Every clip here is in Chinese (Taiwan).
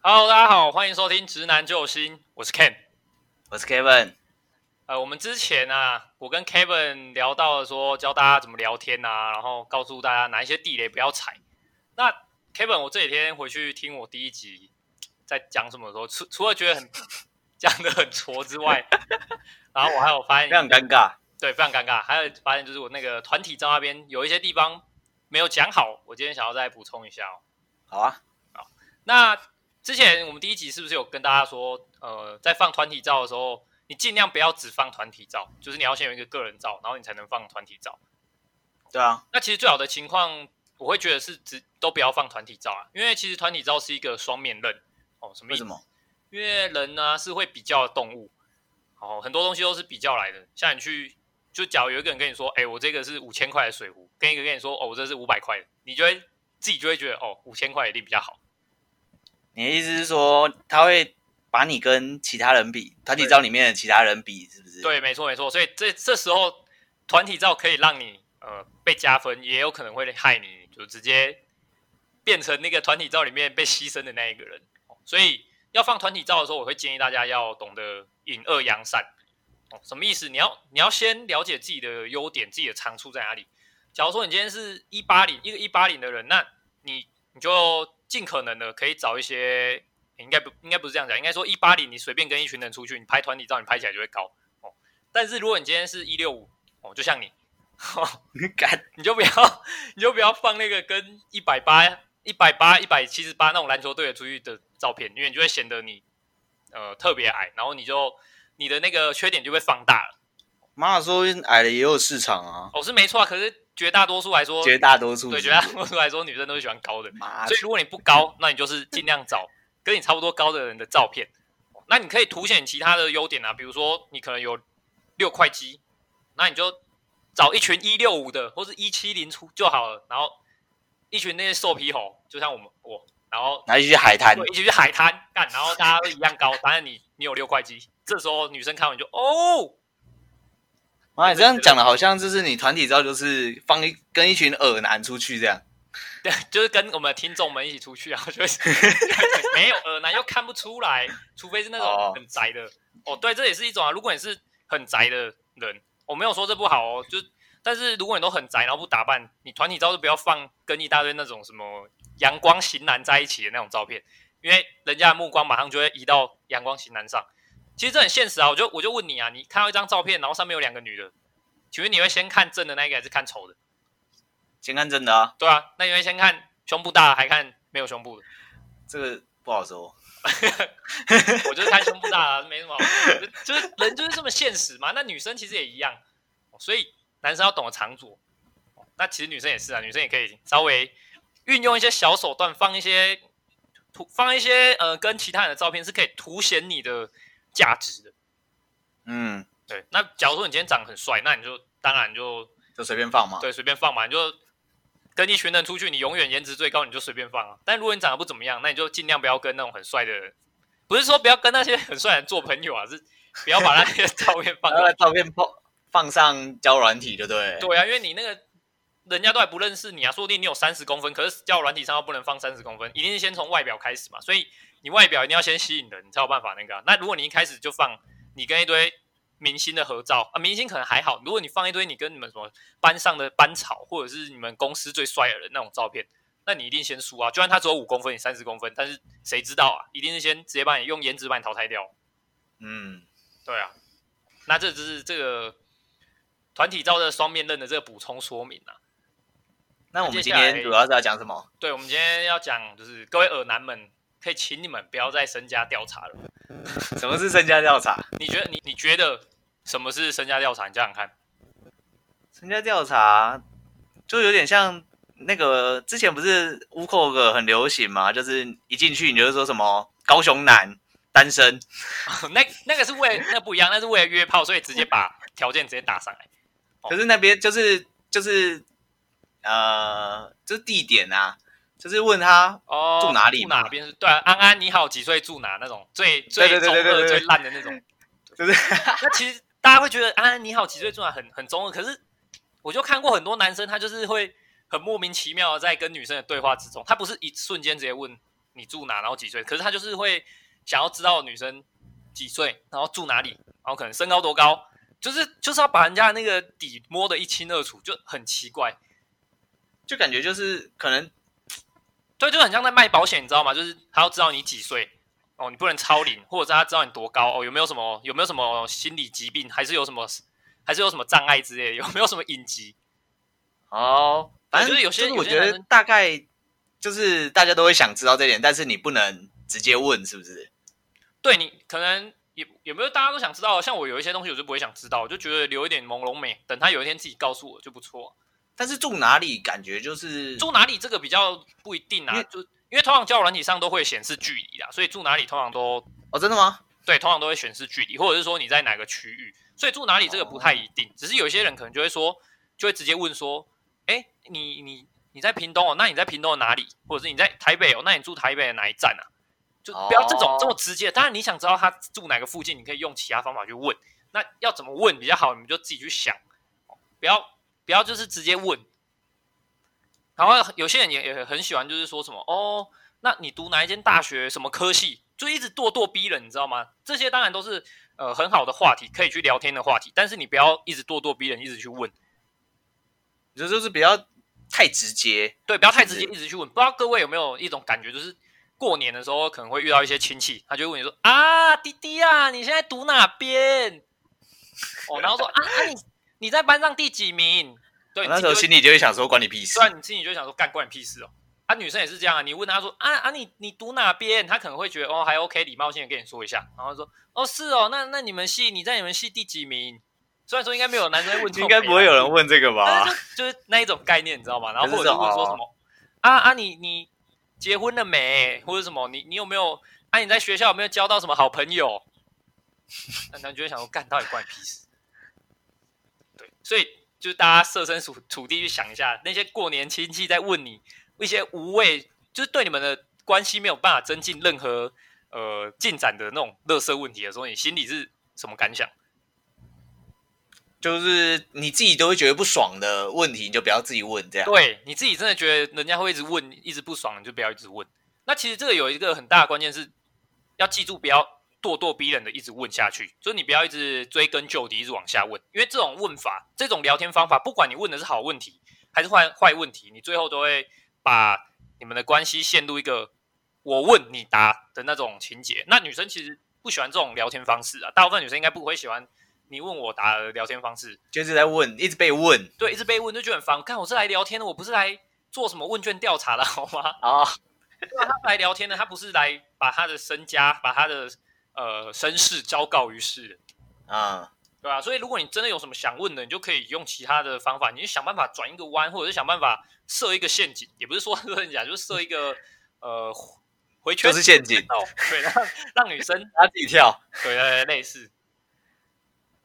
Hello，大家好，歡迎收聽《直男救星》，我是 Ken，我是 Kevin。呃，我們之前啊，我跟 Kevin 聊到了說教大家怎麼聊天啊，然後告訴大家哪一些地雷不要踩。那 Kevin，我這幾天回去聽我第一集在講什麼的時候，除除了覺得很講的 很挫之外， 然後我還有發現，非常尷尬，對，非常尷尬。還有發現就是我那個團體在那邊有一些地方沒有講好，我今天想要再補充一下哦。好啊，好，那。之前我們第一集是不是有跟大家說，呃，在放團體照的時候，你盡量不要只放團體照，就是你要先有一個個人照，然後你才能放團體照。對啊，那其實最好的情況，我會覺得是只都不要放團體照啊，因為其實團體照是一個雙面刃哦。什麼意思？為什麼？因為人呢、啊、是會比較動物，哦，很多東西都是比較來的。像你去，就假如有一個人跟你說，哎、欸，我這個是五千塊的水壺，跟一個跟你說，哦，我這是五百塊的，你就會自己就會覺得，哦，五千塊一定比較好。你的意思是說，他會把你跟其他人比，團體照裡面的其他人比，對是不是？對，沒錯，沒錯。所以這這時候團體照可以讓你呃被加分，也有可能會害你，就直接變成那個團體照裡面被犧牲的那一個人。所以要放團體照的時候，我會建議大家要懂得隱惡揚善。哦，什麼意思？你要你要先了解自己的優點，自己的長處在哪裡。假如說你今天是一八零一個一八零的人，那你你就。盡可能的可以找一些，欸、應該不應該不是這樣講，應該說一八零，你隨便跟一群人出去，你拍團體照，你拍起來就會高哦。但是如果你今天是一六五哦，就像你，哦、你敢你就不要你就不要放那個跟一百八一百八一百七十八那種籃球隊出去的照片，因為你就會顯得你呃特別矮，然後你就你的那個缺點就被放大了。媽的，說矮的也有市場啊，哦是沒錯，可是。絕大多數來說，絕大多數對，絕大多數來說，女生都是喜歡高的，的所以如果你不高，那你就是盡量找跟你差不多高的人的照片。 那你可以凸顯其他的優點啊，比如說你可能有六塊肌，那你就找一群一六五的或是一七零出就好了。然後一群那些瘦皮猴，就像我們，我，然後，然後一起去海灘，一起去海灘幹，然後大家都一樣高，但是 你你有六塊肌，這時候女生看完就哦。媽，啊、這樣講的，好像就是你團體照就是放一跟一群噁男出去這樣，對，就是跟我們的聽眾們一起出去啊，就是 就沒有噁男又看不出來，除非是那種很宅的。哦，哦，對，這也是一種啊。如果你是很宅的人，我沒有說這不好哦，就是，但是如果你都很宅，然後不打扮，你團體照就不要放跟一大堆那種什麼陽光型男在一起的那種照片，因為人家的目光馬上就會移到陽光型男上。其實這很現實啊，我就我就問你啊，你看到一張照片，然後上面有兩個女的，請問你會先看正的那一個還是看醜的？先看正的啊。對啊，那你會先看胸部大，還看沒有胸部的？這個不好說， 我就是看胸部大，啊，沒什麼好說 就，就是人就是這麼現實嘛。那女生其實也一樣，所以男生要懂得藏拙，那其實女生也是啊，女生也可以稍微運用一些小手段，放一些圖，放一些呃跟其他人的照片，是可以凸顯你的，價值的，嗯，對。那假如說你今天長得很帥，那你就當然就就隨便放嘛。對，隨便放嘛，你就跟一群人出去，你永遠顏值最高，你就隨便放啊。但如果你長得不怎麼樣，那你就盡量不要跟那種很帥的人，不是說不要跟那些很帥的人做朋友啊，是不要把那些照片放在照 片放放上交軟體，對不對？對啊，因為你那個人家都還不認識你啊，說不定你有三十公分，可是交軟體上又不能放三十公分，一定是先從外表開始嘛，所以。你外表一定要先吸引人，你才有辦法那個、啊。那如果你一開始就放你跟一堆明星的合照啊，明星可能還好。如果你放一堆你跟你們什麼班上的班草，或者是你們公司最帥的人那種照片，那你一定先輸啊。就算他只有五公分，你三十公分，但是誰知道啊？一定是先直接把你用顏值把你淘汰掉。嗯，對啊。那這就是這個團體照的雙面刃的這個補充說明啊。那我們今天主要是要講什麼？對，我們今天要講就是各位噁男們。可以請你們不要再身家調查了。 什麼是身家調查？你覺得你你覺得什麼是身家調查？你這樣看，身家調查就有點像那個之前不是 Wootalk 很流行嘛，就是一進去你就是說什麼高雄男單身， 那那個是為了那個、不一樣，那個、是為了約炮，所以直接把條件直接打上來。 可是那邊就是就是呃，就是地點啊。就是問他哦，住哪裡，住哪邊，對啊。安安你好，幾歲住哪那種最最中二最爛的那種。 就是其實大家會覺得安安你好幾歲住哪很很中二，可是我就看過很多男生，他就是會很莫名其妙的在跟女生的對話之中，他不是一瞬間直接問你住哪然後幾歲，可是他就是會想要知道女生幾歲，然後住哪裡，然後可能身高多高，就是就是要把人家的那個底摸得一清二楚，就很奇怪，就感覺就是可能。對，就很像在賣保險，你知道嗎？就是他要知道你幾歲哦，你不能超齡，或者他知道你多高哦，有沒有什麼有沒有什麼心理疾病，還是有什麼還是有什麼障礙之類的，有沒有什麼隱疾？哦是，反正就是有些是我覺得大概就是大家都會想知道這一點，但是你不能直接問，是不是？對你可能也也沒有大家都想知道，像我有一些東西我就不會想知道，就覺得留一點朦朧美，等他有一天自己告訴我就不錯。但是住哪裡感覺就是住哪裡，這個比較不一定啊，因為就因為通常交友軟體上都會顯示距離啦，所以住哪裡通常都哦。真的嗎？對，通常都會顯示距離，或者是說你在哪個區域，所以住哪裡這個不太一定。哦、只是有些人可能就會說，就會直接問說，誒、欸，你你你在屏東哦，那你在屏東的哪裡？或者是你在台北哦，那你住台北的哪一站啊？就不要這種這麼直接。當然你想知道他住哪個附近，你可以用其他方法去問。那要怎麼問比較好，你們就自己去想，哦、不要。不要就是直接問，然後有些人也也很喜歡，就是說什麼哦，那你讀哪一間大學，什麼科系？就一直咄咄逼人，你知道嗎？這些當然都是呃很好的話題，可以去聊天的話題，但是你不要一直咄咄逼人，一直去問，這就是比較太直接，對，不要太直接，的一直去問。不知道各位有沒有一種感覺，就是過年的時候可能會遇到一些親戚，他就會問你說，啊弟弟啊，你現在讀哪邊？哦，然後說啊你。哎 你在班上第幾名？對你、哦，那時候心裡就會想說，關你屁事。雖然你心裡就會想說，幹關你屁事哦。啊，女生也是這樣啊。你問她說，啊啊，你你讀哪邊？她可能會覺得，哦，還 OK，禮貌性的跟你說一下。然後說，哦，是哦，那那你們系你在你們系第幾名？雖然說應該沒有男生問、啊，應該不會有人問這個吧就？就是那一種概念，你知道嗎？然後或者就會說什麼，什麼啊啊，你你結婚了沒？或者什麼？你你有沒有？啊，你在學校有沒有交到什麼好朋友？那男生就會想說，幹，到底關你屁事？對，所以就是大家設身處地去想一下，那些過年親戚在問你一些無謂，就是對你們的關係沒有辦法增進任何呃進展的那種垃圾問題的時候，你心裡是什麼感想？就是你自己都會覺得不爽的問題，你就不要自己問這樣。對，你自己真的覺得人家會一直問，一直不爽，你就不要一直問。那其實這個有一個很大的關鍵是，要記住不要咄咄逼人的一直問下去，所以你不要一直追根究底，一直往下問，因為這種問法、這種聊天方法，不管你問的是好問題還是壞壞問題，你最後都會把你們的關係陷入一個我問你答的那種情節。那女生其實不喜歡這種聊天方式啊，大部分女生應該不會喜歡你問我答的聊天方式，就是在問，一直被問，對，一直被問就，就覺得很煩。看，我是來聊天的，我不是來做什麼問卷調查的好嗎？啊，oh. 他來聊天的， 他不是來把他的身家、把他的。呃，身世昭告於世，啊，對吧？所以，如果你真的有什麼想問的，你就可以用其他的方法，你就想辦法轉一個彎，或者是想辦法設一個陷阱，也不是說很假，啊，就是設一個呃回圈，就是陷阱，哦，對，讓讓女生自己跳，對對，對，類似，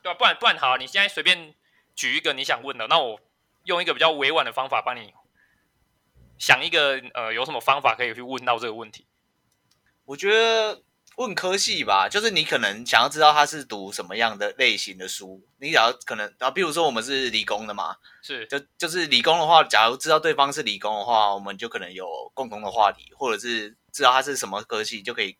對吧？不然不然，好，你現在隨便舉一個你想問的，那我用一個比較委婉的方法幫你想一個呃，有什麼方法可以去問到這個問題？我覺得。問科系吧，就是你可能想要知道他是讀什麼樣的類型的書，你想要可能啊，比如說我們是理工的嘛，是就就是理工的話，假如知道對方是理工的話，我們就可能有共同的話題，或者是知道他是什麼科系，就可以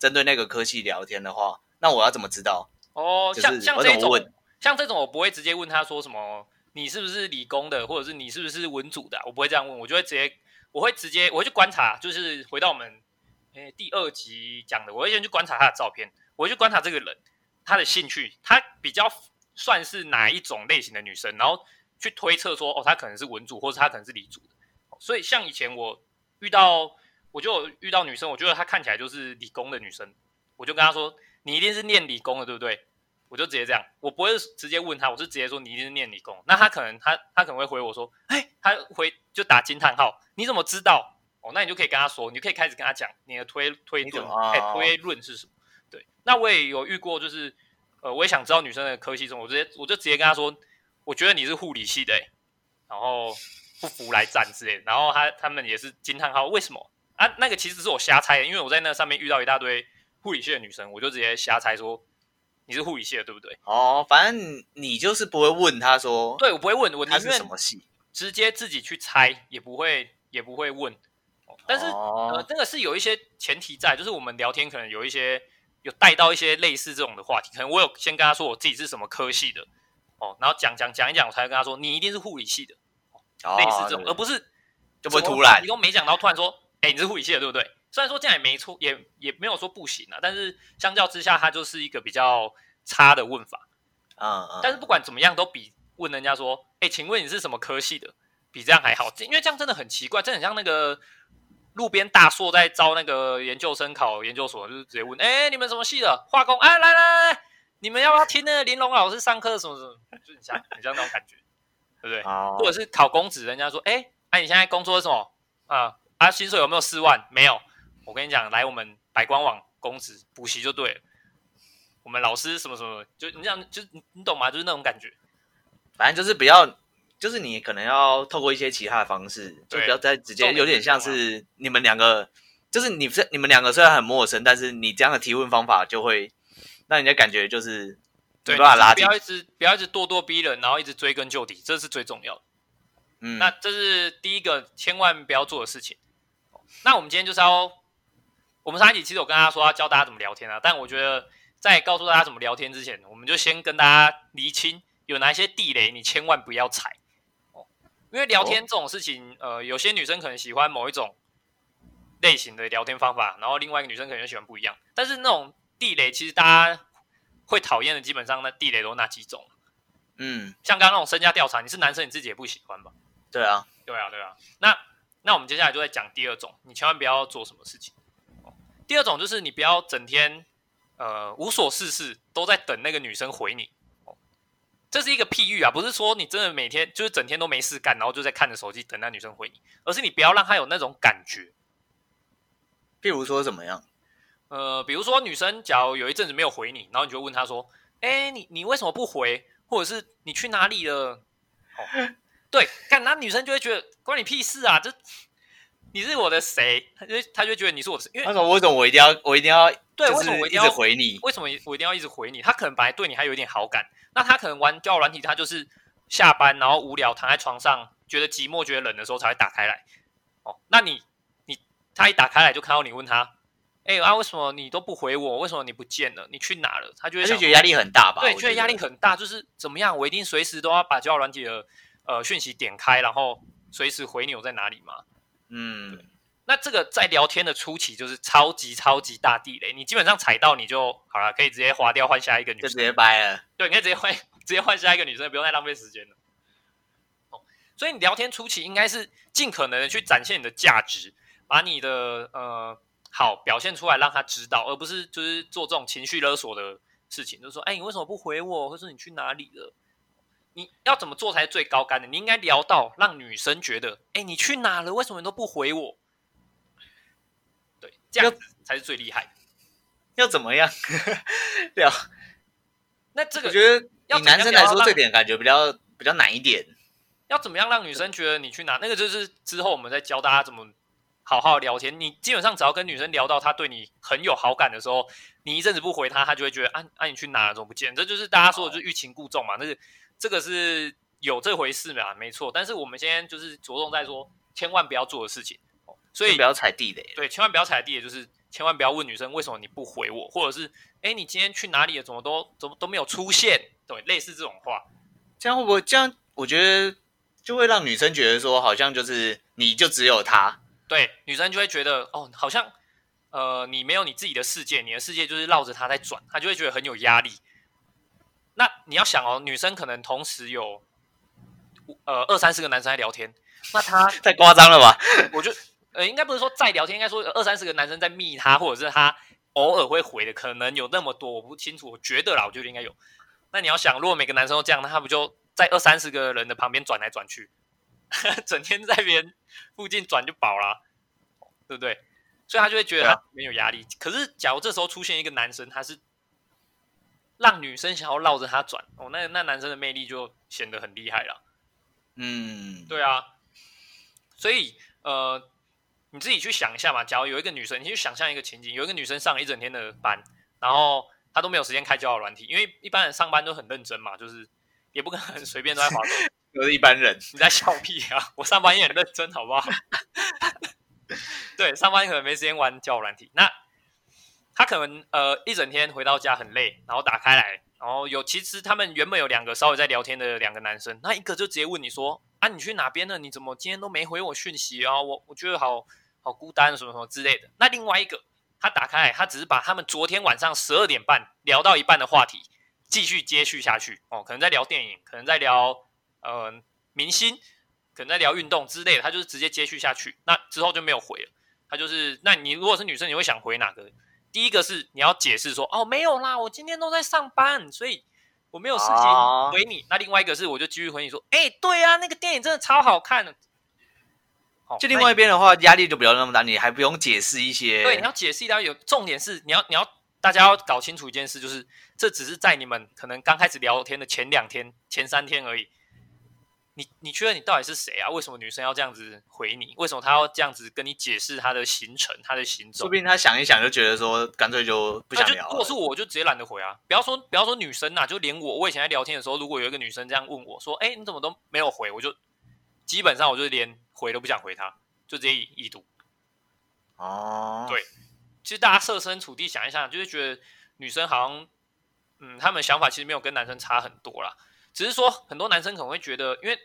針對那個科系聊天的話，那我要怎麼知道？哦，就是、像像這種，像這種我不會直接問他說什麼，你是不是理工的，或者是你是不是文組的，啊，我不會這樣問，我就會直接，我會直接，我會去觀察，就是回到我們。哎、欸，第二集講的，我會先去觀察她的照片，我會去觀察這個人，她的興趣，她比較算是哪一種類型的女生，然後去推測說，哦，她可能是文組，或者她可能是理組。所以像以前我遇到，我就遇到女生，我覺得她看起來就是理工的女生，我就跟她說，你一定是念理工的，對不對？我就直接這樣，我不會直接問她，我是直接說你一定是念理工。那她可能她她可能會回我說，哎、欸，她回就打驚嘆號，你怎麼知道？哦，那你就可以跟他說，你就可以開始跟他講你的推推論，推論，啊，哎，推論是什麼？對，那我也有遇過，就是呃，我也想知道女生的科系中，我直接我就直接跟他說，我覺得你是護理系的欸，然後不服來戰之類的，然後他他們也是驚嘆號，為什麼啊？那個其實是我瞎猜的，因為我在那上面遇到一大堆護理系的女生，我就直接瞎猜說你是護理系的，對不對？哦，反正你就是不會問他說他，對我不會問，我他是什麼系？直接自己去猜，也不會也不會問。但是、oh. 呃，這、那個是有一些前提在，就是我們聊天可能有一些有帶到一些類似這種的話題，可能我有先跟他說我自己是什麼科系的哦，然後講講講一講，我才會跟他說你一定是護理系的哦，oh, 類似這種，yeah. 而不是就不是突然我你都沒講，到，突然說，哎、欸，你是護理系的，對不對？雖然說這樣也沒錯，也也沒有說不行啊，但是相較之下，它就是一個比較差的問法啊。Uh, uh. 但是不管怎麼樣，都比問人家說，哎、欸，請問你是什麼科系的，比這樣還好，因為這樣真的很奇怪，真的很像那個。路邊大碩在招那個研究生考研究所，就是直接問：哎、欸，你們什麼系的？化工？哎、啊，來來來，你們要不要聽那個玲瓏老師上課？什麼什麼？就你像你像那種感覺， 對不對？如果，oh. 是考公職，人家說：哎、欸，哎、啊，你現在工作是什麼？啊啊，薪水有沒有四萬？沒有，我跟你講，來我們百官網公職補習就對了。我們老師什麼什麼，就你這樣，就你你懂嗎？就是那種感覺，反正就是比較。就是你可能要透過一些其他的方式，對就不要再直接，有點像是你們兩個，就是你、你們兩個雖然很陌生，對但是你這樣的提問方法就會讓人家感覺就是，沒辦法拉近，不要一直不要一直咄咄逼人，然後一直追根究底，這是最重要的。嗯，那這是第一個，千萬不要做的事情。那我們今天就是要，我們上一集其實有跟大家說要教大家怎麼聊天啊，但我覺得在告訴大家怎麼聊天之前，我們就先跟大家釐清有哪些地雷，你千萬不要踩。因為聊天這種事情，呃，有些女生可能喜歡某一種類型的聊天方法，然後另外一個女生可能喜歡不一樣。但是那種地雷，其實大家會討厭的，基本上那地雷都哪幾種？嗯，像剛剛那種身家調查，你是男生，你自己也不喜歡吧？對啊，對啊，對啊。那那我們接下來就在講第二種，你千萬不要做什麼事情。第二種就是你不要整天呃，無所事事，都在等那個女生回你。這是一個譬喻啊，不是說你真的每天就是整天都沒事幹，然後就在看着手機等那女生回你，而是你不要讓她有那種感覺。譬如說怎麼樣？呃，比如說女生假如有一陣子沒有回你，然後你就問她說：“哎，你你為什麼不回？或者是你去哪裡了？”哦， 對，看那女生就會覺得關你屁事啊！這你是我的誰？她就她就覺得你是我的誰，因為為什麼？為什麼我一定要我一定要？對，為什麼我一定要一直回你？為什麼我一定要一直回你？他可能本來對你還有一點好感，那他可能玩交友軟體，他就是下班然後無聊躺在床上，覺得寂寞、覺得冷的時候才會打開來。哦，那你你他一打開來就看到你問他，哎、欸、啊，為什麼你都不回我？為什麼你不見了？你去哪了？他就會他就覺得壓力很大吧？對，我覺得壓力很大，就是怎麼樣？我一定隨時都要把交友軟體的呃訊息點開，然後隨時回你我在哪裡嗎？嗯。對那這個在聊天的初期就是超級超級大地雷，你基本上踩到你就好了，可以直接劃掉換下一個女生，就直接掰了。對，你可以直接換，直接換下一個女生，不用太浪費時間了。哦，所以你聊天初期應該是盡可能的去展現你的價值，把你的呃好表現出來，讓她知道，而不是就是做這種情緒勒索的事情，就是說，哎，你為什麼不回我？或是你去哪裡了？你要怎麼做才是最高竿的？你應該聊到讓女生覺得，哎，你去哪了？為什麼你都不回我？這樣子才是最厲害的，要， 要怎麼樣？對啊，那這個我覺得，以男生來說， 這點感覺比較比較難一點。要怎麼樣讓女生覺得你去哪？那個就是之後我們再教大家怎麼好好聊天。你基本上只要跟女生聊到她對你很有好感的時候，你一陣子不回她，她就會覺得啊啊，啊你去哪怎麼不見？這就是大家說的就欲擒故縱嘛。那是，這個是有這回事嘛？沒錯。但是我們今天就是着重在說，千萬不要做的事情。所以不要踩地雷，對，千萬不要踩地雷，就是千萬不要問女生為什麼你不回我？或者是哎、欸、你今天去哪裡了，怎麼都怎麼都沒有出現？對，類似這種話，這樣會不會，這樣我覺得就會讓女生覺得說好像就是你就只有他，對，女生就會覺得哦好像呃你沒有你自己的世界，你的世界就是繞着他在轉，她就會覺得很有壓力。那你要想哦，女生可能同時有呃二三十個男生在聊天。那她太誇張了吧？我就。呃，應該不是說在聊天，應該說有二三十個男生在密他，或者是他偶爾會回的，可能有那麼多，我不清楚。我覺得啦，我覺得應該有。那你要想，如果每個男生都這樣，那他不就在二三十個人的旁邊轉來轉去， 整天在別人附近轉就飽了，對不對？所以他就會覺得他沒有壓力。啊、可是，假如這時候出現一個男生，他是讓女生想要繞着他轉，哦，那那男生的魅力就顯得很厲害了。嗯，對啊。所以，呃。你自己去想一下嘛。假如有一個女生，你去想象一個情景：有一個女生上了一整天的班，然後她都沒有時間開交友軟體，因為一般人上班都很認真嘛，就是也不可能隨便都在滑動。 就是一般人，你在笑屁啊！我上班也很認真，好不好？ 對，上班可能沒時間玩交友軟體。那他可能呃一整天回到家很累，然後打開來，然後有其實他們原本有兩個稍微在聊天的兩個男生，那一個就直接問你說：“啊，你去哪邊了？你怎麼今天都沒回我訊息啊？我我覺得好。”好孤單，什麼什麼之類的。那另外一個，他打開，他只是把他們昨天晚上十二點半聊到一半的話題繼續接續下去哦，可能在聊電影，可能在聊呃明星，可能在聊運動之類的，他就是直接接續下去。那之後就沒有回了。他就是，那你如果是女生，你會想回哪個？第一個是你要解釋說，哦，沒有啦，我今天都在上班，所以我沒有時間回你。啊、那另外一個是，我就繼續回你說，哎、欸，對啊，那個電影真的超好看就另外一邊的話，壓力就不要那麼大，oh, 你還不用解釋一些。對你，你要解釋，當然有重點是，你要你要大家要搞清楚一件事，就是這只是在你們可能剛開始聊天的前兩天、前三天而已。你你確認你到底是誰啊？為什麼女生要這樣子回你？為什麼她要這樣子跟你解釋她的行程、她的行蹤？說不定她想一想就覺得說，乾脆就不想聊。如果是我就直接懶得回啊！不要說不要說女生吶、啊，就連我我以前在聊天的時候，如果有一個女生這樣問我說：“哎、欸，你怎麼都沒有回？”我就基本上我就連。回都不想回他，他就直接已讀。哦、啊，對，其實大家設身處地想一想，就是覺得女生好像，嗯，她們想法其實沒有跟男生差很多啦，只是說很多男生可能會覺得，因為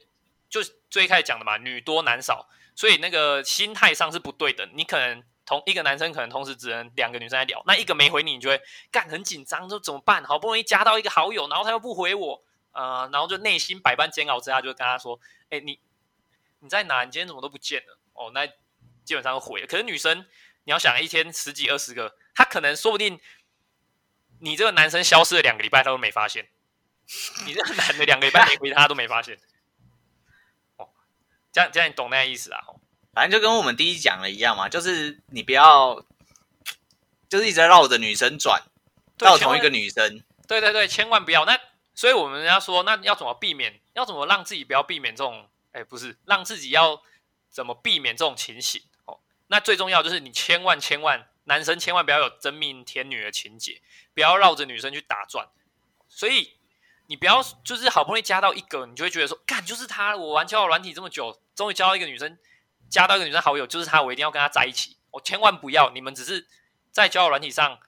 就最開始講的嘛，女多男少，所以那個心態上是不對的。你可能同一個男生可能同時只能兩個女生在聊，那一個沒回你，你就會幹很緊張，就怎麼辦？好不容易加到一個好友，然後他又不回我，呃，然後就內心百般煎熬之下，就跟他說，哎、欸，你。你在哪？你今天怎麼都不見了？哦，那基本上毀了。可是女生，你要想一天十幾二十個，她可能說不定你這個男生消失了兩個禮拜，她都沒發現。你這個男的兩個禮拜沒回她， 他都沒發現。哦，這樣這樣你懂那個意思啊？反正就跟我們第一講的一樣嘛，就是你不要，就是一直繞着女生轉，繞同一個女生。對對對，千萬不要。那所以我們人家說，那要怎麼避免？要怎麼讓自己不要避免這種？哎、欸，不是，讓自己要怎麼避免這種情形哦？那最重要就是你千萬千萬，男生千萬不要有真命天女的情結，不要繞着女生去打轉。所以你不要就是好不容易加到一個，你就會覺得說，幹就是他，我玩交友軟體這麼久，終於交到一個女生，加到一個女生好友就是她，我一定要跟她在一起。我、哦、千萬不要，你們只是在交友軟體上。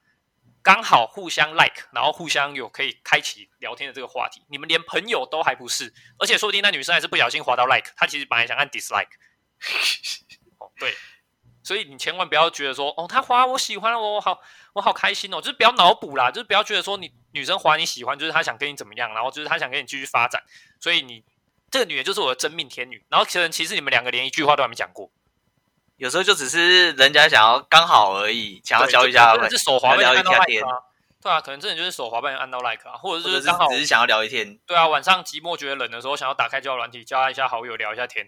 剛好互相 like，然後互相有可以開啟聊天的這個話題，你們連朋友都還不是，而且說不定那女生還是不小心滑到 like，她其實本來想按 dislike。 哦，對，所以你千萬不要覺得說，哦，她滑我喜歡了，我好我好開心哦，就是不要腦補啦，就是不要覺得說你女生滑你喜歡，就是她想跟你怎麼樣，然後就是她想跟你繼續發展，所以你這個女人就是我的真命天女，然後其實其實你們兩個連一句話都還沒講過。有時候就只是人家想要剛好而已，想要交一下朋友，聊一下天。對啊，可能真的就是手滑被人按到 like 啊，或者就是剛好是只是想要聊一天。對啊，晚上寂寞覺得冷的時候，想要打開交友軟體，加一下好友聊一下天。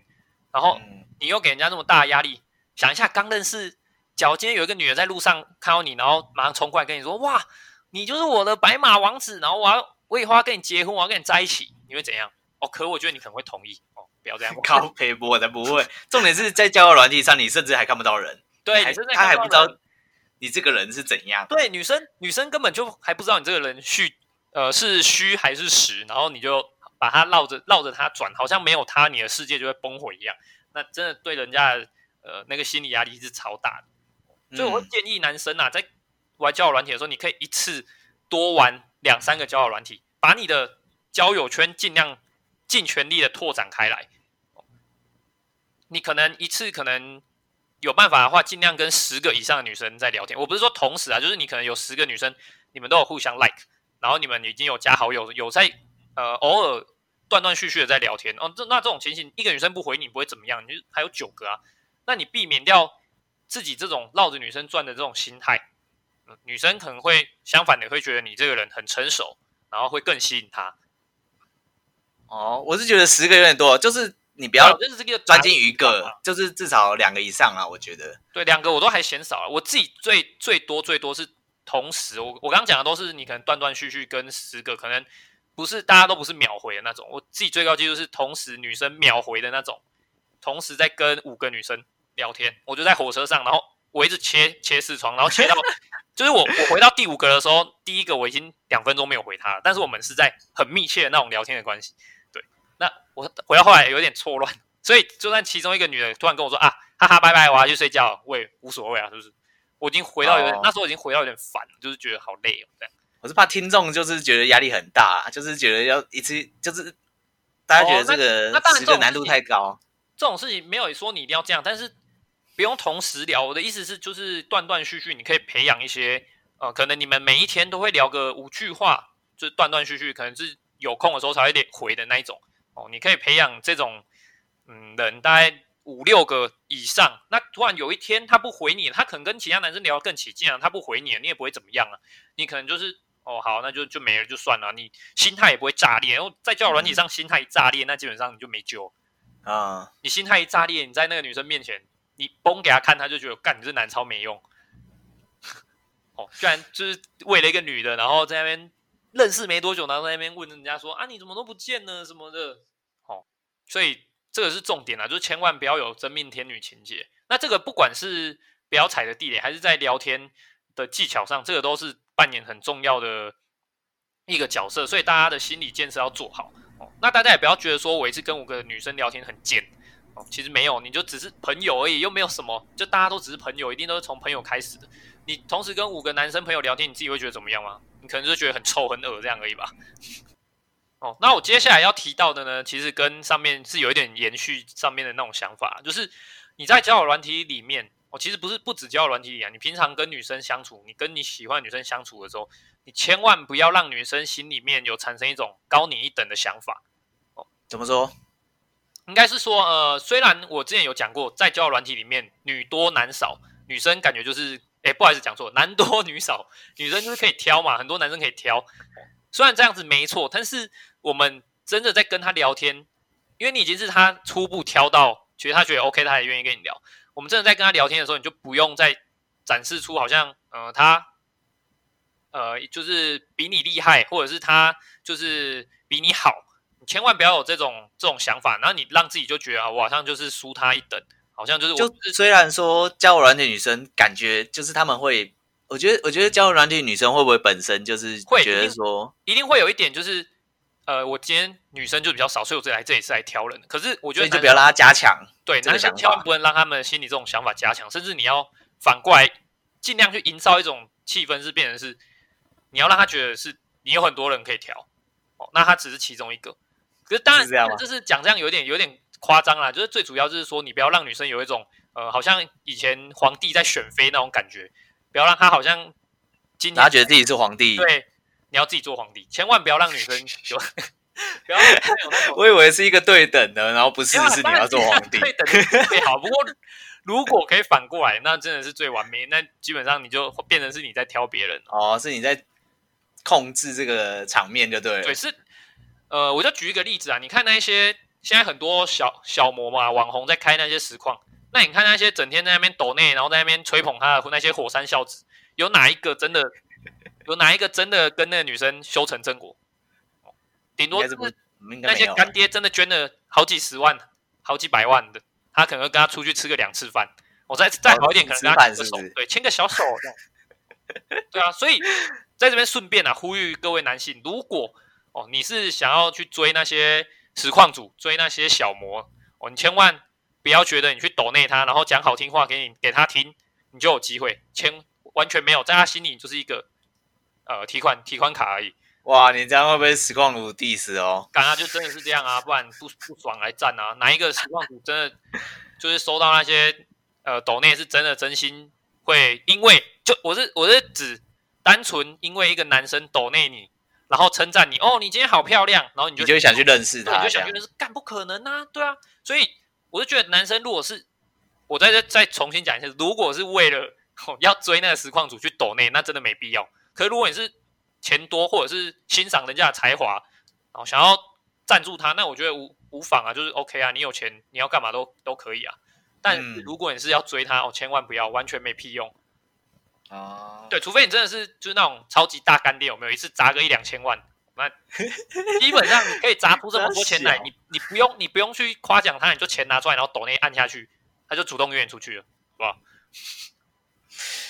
然後、嗯、你又給人家那麼大壓力，想一下剛認識，假如今天有一個女的在路上看到你，然後馬上衝過來跟你說：“哇，你就是我的白馬王子，然後我要為花跟你結婚，我要跟你在一起。”你會怎樣？哦，可我覺得你可能會同意哦。不要這樣搞， 靠背的不會。重點是在交友軟體上，你甚至還看不到人，對，他還不知道你這個人是怎樣。對，女生女生,女生根本就還不知道你這個人是呃是虛還是實，然後你就把他繞着繞着他轉，好像沒有他，你的世界就會崩毀一樣。那真的對人家呃那個心理壓力是超大的，所以我會建議男生啊，在玩交友軟體的時候，你可以一次多玩兩三個交友軟體，把你的交友圈儘量。盡全力的拓展開來，你可能一次可能有辦法的話，盡量跟十個以上的女生在聊天。我不是說同時啊，就是你可能有十個女生，你們都有互相 like，然後你們已經有加好友，有在呃偶爾斷斷續續的在聊天。哦，這那這種情形，一個女生不回你不會怎麼樣，你就還有九個啊。那你避免掉自己這種繞着女生轉的這種心態，嗯，女生可能會相反的，的會覺得你這個人很成熟，然後會更吸引她。哦，我是覺得十個有點多，就是你不要就是這個專精於一個，個就是至少兩個以上啊，我覺得。對，兩個我都還嫌少，我自己最最多最多是同時，我我剛剛講的都是你可能斷斷續續跟十個，可能不是大家都不是秒回的那種。我自己最高記錄是同時女生秒回的那種，同時在跟五個女生聊天，我就在火車上，然後我一直切切四床，然後切到 就是我我回到第五格的時候， 第一個我已經兩分鐘沒有回他了，但是我們是在很密切的那種聊天的關係。那我回到後來有點錯亂，所以就算其中一個女的突然跟我說啊，哈哈，拜拜，我要去睡覺，我也無所謂啊，是不是？我已經回到有點、哦、那時候已經回到有點煩，就是覺得好累哦，這樣。我是怕聽眾就是覺得壓力很大，就是覺得要一次就是大家覺得這個、哦、那，那當然這個難度太高，這種事情沒有說你一定要這樣，但是不用同時聊。我的意思是就是斷斷續續，你可以培養一些呃，可能你們每一天都會聊個五句話，就是斷斷續續，可能是有空的時候才有點回的那一種。哦，你可以培養這種，嗯，人大概五六個以上。那突然有一天他不回你，他可能跟其他男生聊得更起勁了，啊，他不回你了，你也不會怎麼樣啊。你可能就是哦，好，那就就沒了，就算了。你心態也不會炸裂。然、哦、後在交友軟體上心態一炸裂，那基本上你就沒救啊。你心態一炸裂，你在那個女生面前你崩給她看，她就覺得幹你是男超沒用。哦，居然就是為了一個女的，然後在那邊認識沒多久，然後在那邊問人家說啊，你怎麼都不見呢？什麼的。所以這個是重點啦，就是千萬不要有真命天女情節。那這個不管是不要踩的地雷，還是在聊天的技巧上，這個都是扮演很重要的一個角色。所以大家的心理建設要做好哦。那大家也不要覺得說，我一次跟五個女生聊天很賤哦，其實沒有，你就只是朋友而已，又沒有什麼，就大家都只是朋友，一定都是從朋友開始的。你同時跟五個男生朋友聊天，你自己會覺得怎麼樣嗎？你可能就覺得很臭很噁這樣而已吧。哦，那我接下來要提到的呢，其實跟上面是有一點延續上面的那種想法，就是你在交友軟體裡面，哦，其實不是不止交友軟體裡啊，你平常跟女生相處，你跟你喜歡女生相處的時候，你千萬不要讓女生心裡面有產生一種高你一等的想法。哦，怎麼說？應該是說，呃，雖然我之前有講過，在交友軟體裡面女多男少，女生感覺就是，哎、欸，不好意思講錯，男多女少，女生就是可以挑嘛， 很多男生可以挑。雖然這樣子沒錯，但是。我們真的在跟他聊天，因為你已經是他初步挑到，其實他覺得 OK，他還願意跟你聊。我們真的在跟他聊天的時候，你就不用再展示出好像，呃，他，呃，就是比你厲害，或者是他就是比你好，你千萬不要有這種這種想法。然後你讓自己就覺得，啊，我好像就是輸他一等，好像就是我。就雖然說交友軟體女生，感覺就是他們會，我覺得，我覺得交友軟體女生會不會本身就是會覺得說一，一定會有一點就是。呃，我今天女生就比較少，所以我這來這裡是來挑人的。可是我覺得，你就不要讓他加強，對，男生千萬不能讓他們心裡這種想法加強，甚至你要反過來盡量去營造一種氣氛，是變成是你要讓他覺得是你有很多人可以挑，哦，那他只是其中一個。可是當然，是這、哦就是講這樣有點有點誇張了，就是最主要就是說，你不要讓女生有一種呃，好像以前皇帝在選妃那種感覺，不要讓他好像今，他覺得自己是皇帝，對。你要自己做皇帝，千萬不要讓女生。 不要，我以為是一個對等的，然後不是、欸、是你要做皇帝。對等好， 不過如果可以反過來，那真的是最完美。那基本上你就變成是你在挑別人哦，是你在控制這個場面，就對了。對，是呃，我就舉一個例子啊，你看那些現在很多小小模嘛，網紅在開那些實況，那你看那些整天在那邊抖內，然後在那邊吹捧他的那些火山孝子，有哪一個真的？ 有哪一個真的跟那個女生修成正果？頂多那些乾爹真的捐了好幾十萬、好幾百萬的，他可能會跟他出去吃個兩次飯，我、哦、再再好一點，可能跟他牽個手，是是對，牽個小手。 對啊，所以在這邊順便啊，呼籲各位男性，如果哦你是想要去追那些實況主、追那些小模，哦，你千萬不要覺得你去抖內他，然後講好聽話給你給他聽，你就有機會，牽完全沒有，在他心裡就是一個。呃，提款提款卡而已。哇，你這樣會不會實況主 diss 哦？剛剛就真的是這樣啊，不然不不爽來戰啊，哪一個實況主真的 就是收到那些呃抖內是真的真心會因為就我是我是指單純因為一個男生抖內你，然後稱讚你哦，你今天好漂亮，然後你就想去認識他，你就想去認識他，幹不可能啊，對啊，所以我就覺得男生如果是我在這再重新講一下，如果是為了要追那個實況主去抖內，那真的沒必要。可是如果你是錢多，或者是欣賞人家的才華，哦，想要贊助他，那我覺得無無妨啊，就是 OK 啊，你有錢你要幹嘛都都可以啊。但如果你是要追他，哦，千萬不要，完全沒屁用哦，嗯、對，除非你真的是就是那種超級大乾爹，有沒有一次砸個一兩千萬，那 基本上你可以砸出這麼多錢來，小你你不用你不用去誇獎他，你就錢拿出來，然後抖那按下去，他就主動約你出去了，是吧？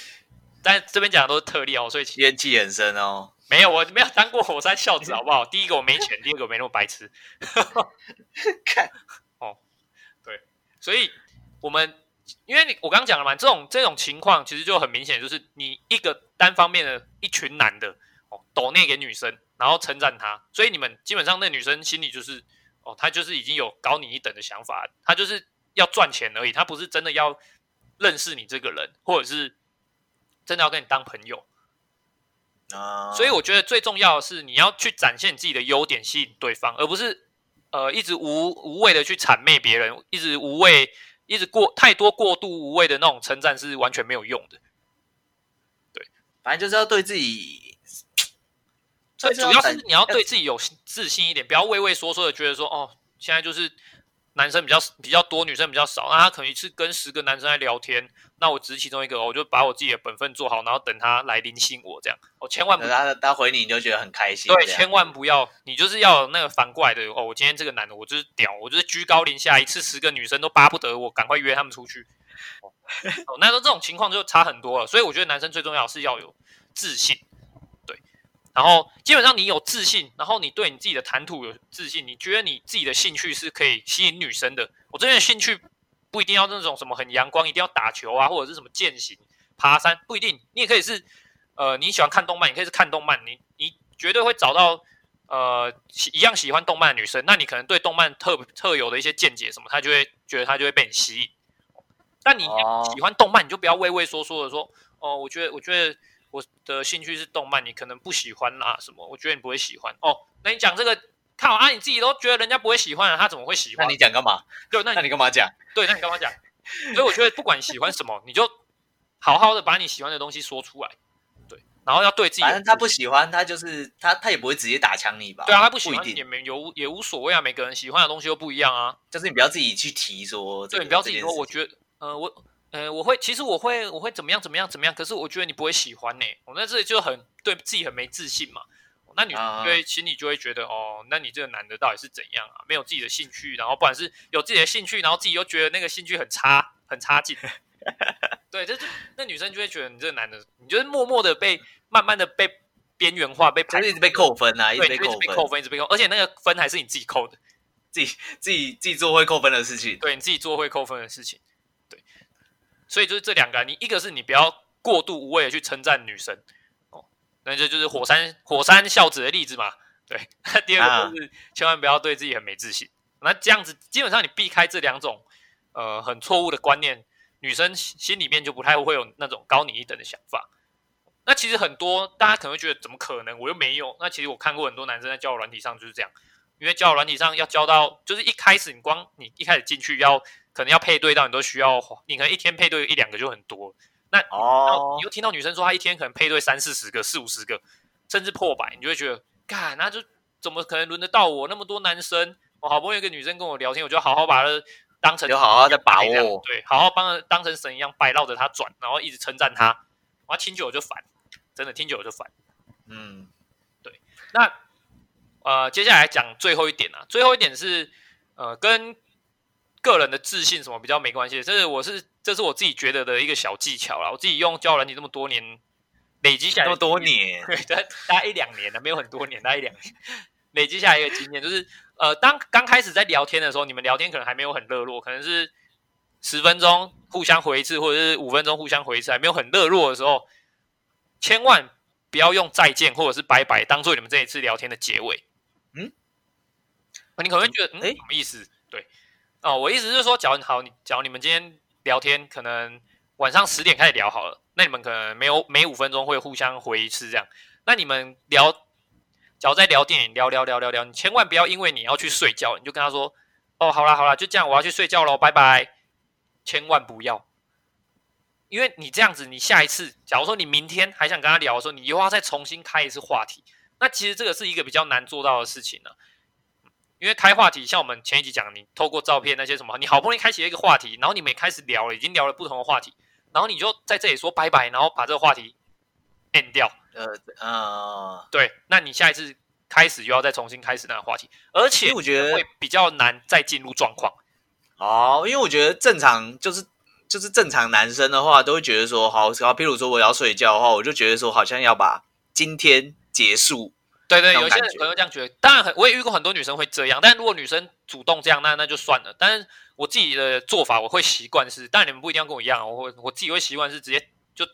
但這邊講的都是特例哦，所以怨氣很深哦。沒有，我沒有當過火山孝子，好不好？ 第一個我沒錢，第二個我沒那麼白痴。 看哦，對，所以我們因為你我剛剛講了嘛，這種這種情況其實就很明顯，就是你一個單方面的，一群男的哦，斗內給女生，然後稱讚她，所以你們基本上那女生心裡就是哦，她就是已經有高你一等的想法，她就是要賺錢而已，她不是真的要認識你這個人，或者是。真的要跟你當朋友啊！所以我覺得最重要的是，你要去展現自己的優點，吸引對方，而不是呃一直無無謂的去諂媚別人，一直無謂，一直過太多過度無謂的那種稱讚是完全沒有用的。對，反正就是要對自己，最主要是你要對自己有自信一點，不要畏畏縮縮的，覺得說哦，現在就是。男生比較比較多，女生比較少。那他可能一次跟十個男生在聊天，那我只是其中一個，我、哦、就把我自己的本分做好，然後等他來臨幸我這樣。我、哦、千萬不他，他回你你就覺得很開心。對，千萬不要，你就是要那個反過來的哦。我今天這個男的，我就是屌，我就是居高臨下，一次十個女生都巴不得我趕快約他們出去。 哦，那說這種情況就差很多了。所以我覺得男生最重要是要有自信。然後基本上你有自信，然後你對你自己的談吐有自信，你覺得你自己的興趣是可以吸引女生的。我這邊的興趣不一定要那種什麼很陽光，一定要打球啊或者是什麼健行、爬山，不一定。你也可以是，呃，你喜歡看動漫，你可以是看動漫，你你絕對會找到呃一樣喜歡動漫的女生。那你可能對動漫特特有的一些見解什麼，他就會覺得他就會被你吸引。那你喜歡動漫，你就不要畏畏縮縮的說，哦、呃，我覺得我覺得。我的興趣是動漫，你可能不喜歡啊。什麼？我覺得你不會喜歡哦。那你講這個，靠啊！你自己都覺得人家不會喜歡、啊，他怎麼會喜歡、啊那？那你講幹嘛？對，那你幹嘛講？對，那你幹嘛講？所以我覺得不管喜歡什麼，你就好好的把你喜歡的東西說出來。對，然後要對自己。反正他不喜歡，他就是他他也不會直接打槍你吧？對啊，他不喜歡不你也沒有也無所謂啊，每個人喜歡的東西都不一樣啊。就是你不要自己去提說、這個，對你不要自己說，我覺得、啊、呃我。呃，我會，其實我會，我會怎麼樣，怎麼樣，怎麼樣？可是我覺得你不會喜歡呢，欸，我在這裡就很對自己很沒自信嘛。那女因為，呃，心裡就會覺得哦，那你這個男的到底是怎樣啊？沒有自己的興趣，然後不管是有自己的興趣，然後自己又覺得那個興趣很差，很差勁。 對，這就那女生就會覺得你這個男的，你就是默默的被，慢慢的被邊緣化，被排除，嗯，就是，一直被扣分啊，一直被扣分，一直被扣，而且那個分還是你自己扣的，自己自己自己做會扣分的事情，對，你自己做會扣分的事情。所以就是這兩個，你一個是你不要過度無謂的去稱讚女生，哦，那這就，就是火山火山孝子的例子嘛，對。第二個就是千萬不要對自己很沒自信。啊、那這樣子基本上你避開這兩種呃很錯誤的觀念，女生心裡面就不太會有那種高你一等的想法。那其實很多大家可能會覺得怎麼可能，我又沒有。那其實我看過很多男生在交友軟體上就是這樣，因為交友軟體上要交到，就是一開始你光你一開始進去要。可能要配對到你都需要，你可能一天配對一兩個就很多。那哦，oh. 你又聽到女生說她一天可能配對三四十個、四五十個，甚至破百，你就會覺得，幹！那就怎麼可能輪得到我？那麼多男生，我好不容易有個女生跟我聊天，我就好好把她當成，就好好的在把握這樣，對，好好把她當成神一樣拜，繞着她轉，然後一直稱讚她。我要聽久我就煩，真的聽久我就煩。嗯，mm. 對。那呃，接下來講最後一點啊，最後一點是呃跟。個人的自信什麼比較沒關係，這是我是這是我自己覺得的一個小技巧啦。我自己用教人你這麼多年，累積起來這麼多年，對，大概一兩年了，沒有很多年， 大概一兩年累積下來一個經驗，就是呃，當剛開始在聊天的時候，你們聊天可能還沒有很熱絡，可能是十分鐘互相回一次，或者是五分鐘互相回一次，還沒有很熱絡的時候，千萬不要用再見或者是拜拜當做你們這一次聊天的結尾。嗯，你可能會覺得，嗯，欸、什麼意思？哦，我意思是說，假如好，你假如你們今天聊天，可能晚上十點開始聊好了，那你們可能沒有每五分鐘會互相回一次這樣。那你們聊，假如在聊電影，聊聊聊聊聊，你千萬不要因為你要去睡覺，你就跟他說，哦，好啦好啦，就這樣，我要去睡覺咯。拜拜。千萬不要，因為你這樣子，你下一次，假如說你明天還想跟他聊的時候，你又要再重新開一次話題，那其實這個是一個比較難做到的事情呢、啊。因為開話題，像我們前一集講，你透過照片那些什麼，你好不容易開啟一個話題，然後你們也開始聊了，已經聊了不同的話題，然後你就在這裡說拜拜，然後把這個話題 end 掉呃。呃，啊，對，那你下一次開始就要再重新開始那個話題，而且我覺得會比較難再進入狀況。哦，因為我覺得正常就是就是正常男生的話，都會覺得說，好，譬如說我要睡覺的話，我就覺得說好像要把今天結束。對，對對，有些人可能會這樣覺得，當然很，我也遇過很多女生會這樣，但如果女生主動這樣，那那就算了。但是我自己的做法，我會習慣是，當然你們不一定要跟我一樣。我我自己會習慣是直接就，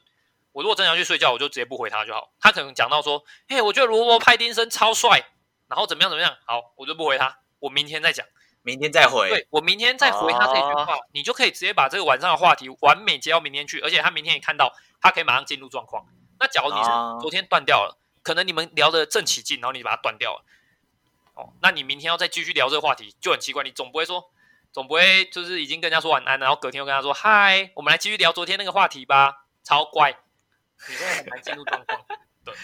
我如果真的要去睡覺，我就直接不回他就好。他可能講到說，嘿、欸，我覺得羅伯派丁森超帥，然後怎麼樣怎麼樣，好，我就不回他，我明天再講，明天再回。對，我明天再回他這句話，啊、你就可以直接把這個晚上的話題完美接到明天去，而且他明天也看到，他可以馬上進入狀況。那假如你是昨天斷掉了。啊可能你們聊得正起勁，然後你就把它斷掉了，哦，那你明天要再繼續聊這個話題就很奇怪。你總不會說，總不會就是已經跟人家說晚安，然後隔天又跟他說：“嗨、嗯，我們來繼續聊昨天那個話題吧。”超怪， 你會很難進入狀況。 對，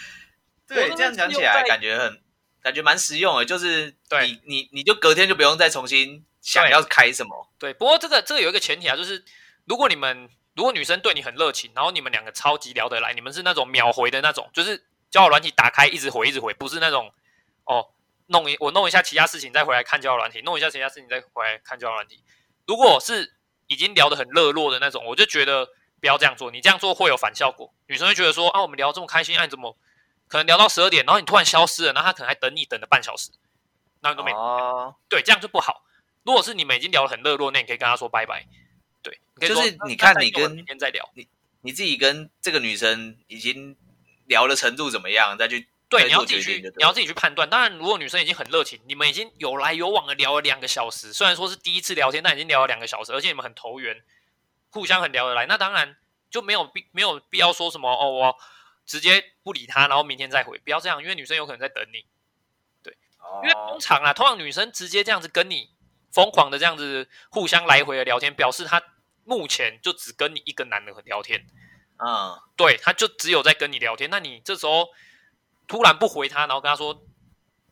對，這樣講起來感覺很，感覺蠻實用的。就是你對你你就隔天就不用再重新想要開什麼。對,對，不過這個這個有一個前提啊，就是如果你們如果女生對你很熱情，然後你們兩個超級聊得來，你們是那種秒回的那種，就是。交友軟體打開，一直回，一直回，不是那種哦，弄一我弄一下其他事情再回來看交友軟體，弄一下其他事情再回來看交友軟體。如果是已經聊得很熱絡的那種，我就覺得不要這樣做，你這樣做會有反效果，女生會覺得說啊，我們聊這麼開心，哎、啊，你怎麼可能聊到十二點，然後你突然消失了，然後她可能還等你等了半小時，然後你都沒。哦。啊、對，這樣就不好。如果是你們已經聊得很熱絡，那你可以跟她說拜拜。對，就是你看你跟天在聊，你你自己跟這個女生已經。聊的程度怎麼樣？再去，對，你要自己去，你要自己去判斷。當然，如果女生已經很熱情，你們已經有來有往的聊了兩個小時，雖然說是第一次聊天，但已經聊了兩個小時，而且你們很投緣，互相很聊得來。那當然就沒有必沒有必要說什麼哦，我直接不理他，然後明天再回，不要這樣，因為女生有可能在等你。對，哦、因為通常啊，通常女生直接這樣子跟你瘋狂的這樣子互相來回的聊天，表示她目前就只跟你一個男的聊天。嗯，對，他就只有在跟你聊天，那你這時候突然不回他，然後跟他說，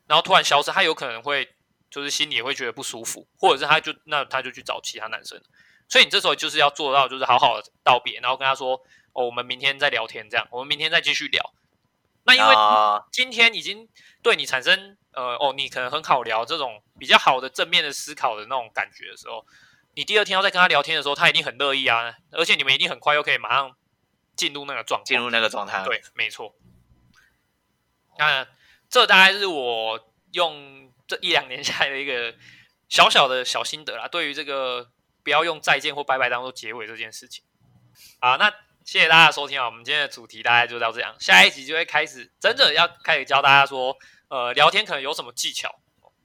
然後突然消失，他有可能會就是心裡也會覺得不舒服，或者是他就那他就去找其他男生。所以你這時候就是要做到就是好好的道別，然後跟他說哦，我們明天再聊天，這樣我們明天再繼續聊。那因為今天已經對你產生呃哦你可能很好聊這種比較好的正面的思考的那種感覺的時候，你第二天要再跟他聊天的時候，他一定很樂意啊，而且你們一定很快又可以馬上。進入那個狀態，進入那個狀態，對，沒錯。那、呃、這大概是我用這一兩年下來的一個小小的小心得啦。對於這個不要用再見或拜拜當做結尾這件事情，啊、呃，那謝謝大家的收聽啊。我們今天的主題大概就到這樣，下一集就會開始真正要開始教大家說，呃，聊天可能有什麼技巧，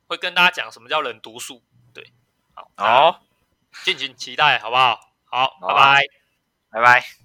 會跟大家講什麼叫冷讀術，對，好，哦，敬請期待，好不好？好，哦、拜拜，拜拜。